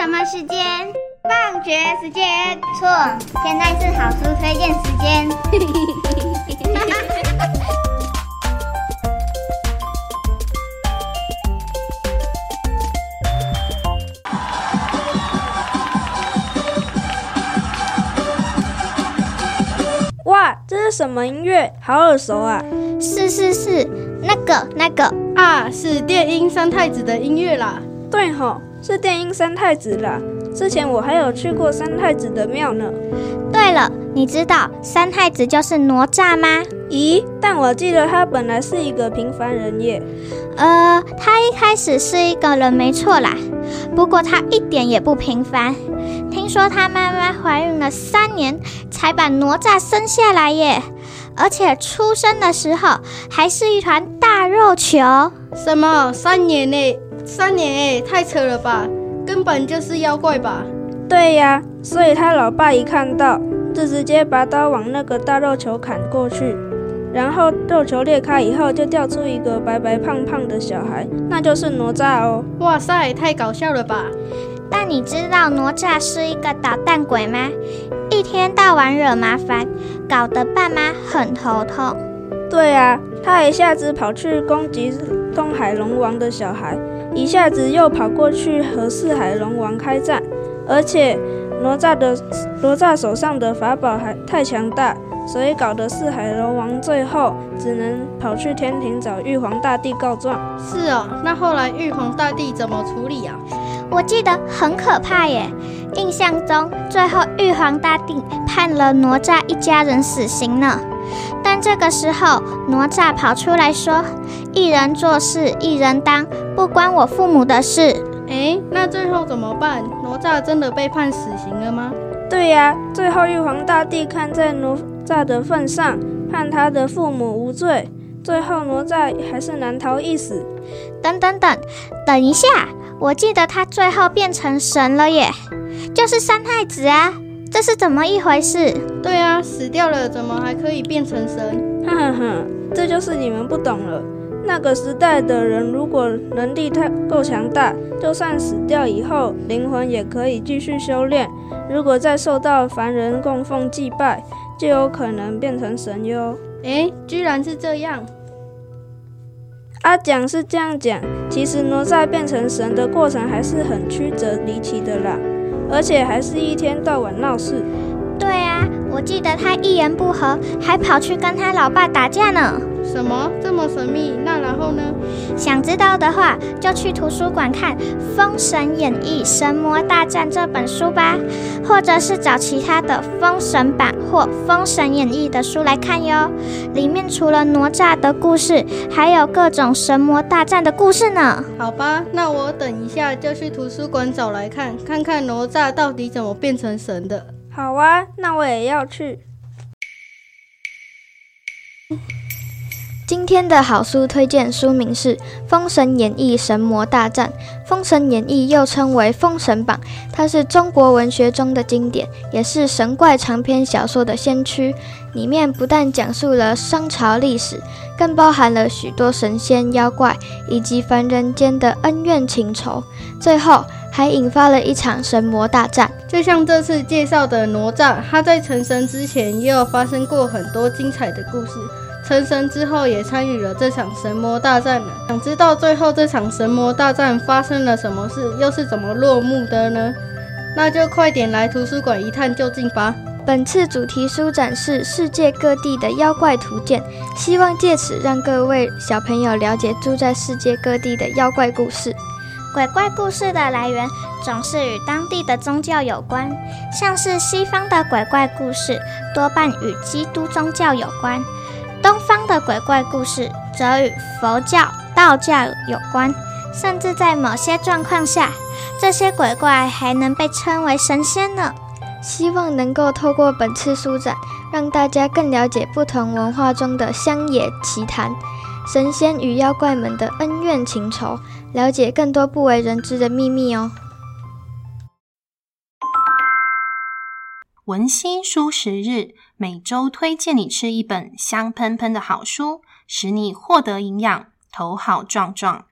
什麼時間？放學時間。錯，現在是好書推薦時間。 哇，這是什麼音樂？好耳熟啊！是是是，那個那個啊，是電音三太子的音樂啦。對吼、哦。是電音三太子啦。之前我還有去過三太子的廟呢。對了，你知道三太子就是哪吒嗎？咦，但我記得他本來是一個平凡人耶。呃，他一開始是一個人沒錯啦，不過他一點也不平凡。聽說他媽媽懷孕了三年才把哪吒生下來耶，而且出生的時候還是一團大肉球。什麼？三年呢？三年誒、欸，太扯了吧，根本就是妖怪吧？對呀、啊，所以他老爸一看到，就直接拔刀往那個大肉球砍過去，然後肉球裂開以後，就掉出一個白白胖胖的小孩，那就是哪吒哦。哇塞，太搞笑了吧？但你知道哪吒是一個搗蛋鬼嗎？一天到晚惹麻煩，搞得爸媽很頭痛。對呀、啊。他一下子跑去攻擊東海龍王的小孩，一下子又跑過去和四海龍王開戰，而且哪吒的哪吒手上的法寶還太強大，所以搞得四海龍王最後只能跑去天庭找玉皇大帝告狀。是哦，那後來玉皇大帝怎麼處理啊？我記得很可怕耶，印象中最後玉皇大帝判了哪吒一家人死刑呢。但這個時候，哪吒跑出來說：“一人做事一人當，不關我父母的事。”哎，那最後怎麼辦？哪吒真的被判死刑了嗎？對呀、啊，最後玉皇大帝看在哪吒的份上，判他的父母無罪，最後哪吒還是難逃一死。等等等等一下，我記得他最後變成神了耶，就是三太子啊。這是怎麼一回事？對啊，死掉了怎麼還可以變成神？哈哈哈，這就是你們不懂了。那個時代的人，如果能力太夠強大，就算死掉以後，靈魂也可以繼續修煉。如果再受到凡人供奉祭拜，就有可能變成神喲。哎，居然是這樣。啊，講是這樣講，其實哪吒變成神的過程還是很曲折離奇的啦。而且還是一天到晚鬧事。對啊。我記得他一言不合還跑去跟他老爸打架呢。什麼這麼神秘？那然後呢？想知道的話，就去圖書館看《封神演義·神魔大戰》這本書吧，或者是找其他的《封神榜》或《封神演義》的書來看喲。裡面除了哪吒的故事，還有各種神魔大戰的故事呢。好吧，那我等一下就去圖書館找來看，看看哪吒到底怎麼變成神的。好啊，那我也要去。今天的好書推薦書名是《封神演義·神魔大戰》。《封神演義》又稱為《封神榜》，它是中國文學中的經典，也是神怪長篇小說的先驅。裡面不但講述了商朝歷史，更包含了許多神仙、妖怪以及凡人間的恩怨情仇。最後，還引發了一場神魔大戰，就像這次介紹的哪吒，他在成神之前也有發生過很多精彩的故事，成神之後也參與了這場神魔大戰了。想知道最後這場神魔大戰發生了什麼事，又是怎麼落幕的呢？那就快點來圖書館一探究竟吧！本次主題書展是世界各地的妖怪圖鑑，希望借此讓各位小朋友了解住在世界各地的妖怪故事。鬼怪故事的來源總是與當地的宗教有關，像是西方的鬼怪故事多半與基督宗教有關，東方的鬼怪故事則與佛教、道教有關，甚至在某些狀況下，這些鬼怪還能被稱為神仙呢。希望能夠透過本次書展，讓大家更了解不同文化中的鄉野奇談。神仙與妖怪們的恩怨情仇，了解更多不為人知的秘密哦。文欣書食日，每週推薦你吃一本香噴噴的好書，使你獲得營養，頭好壯壯。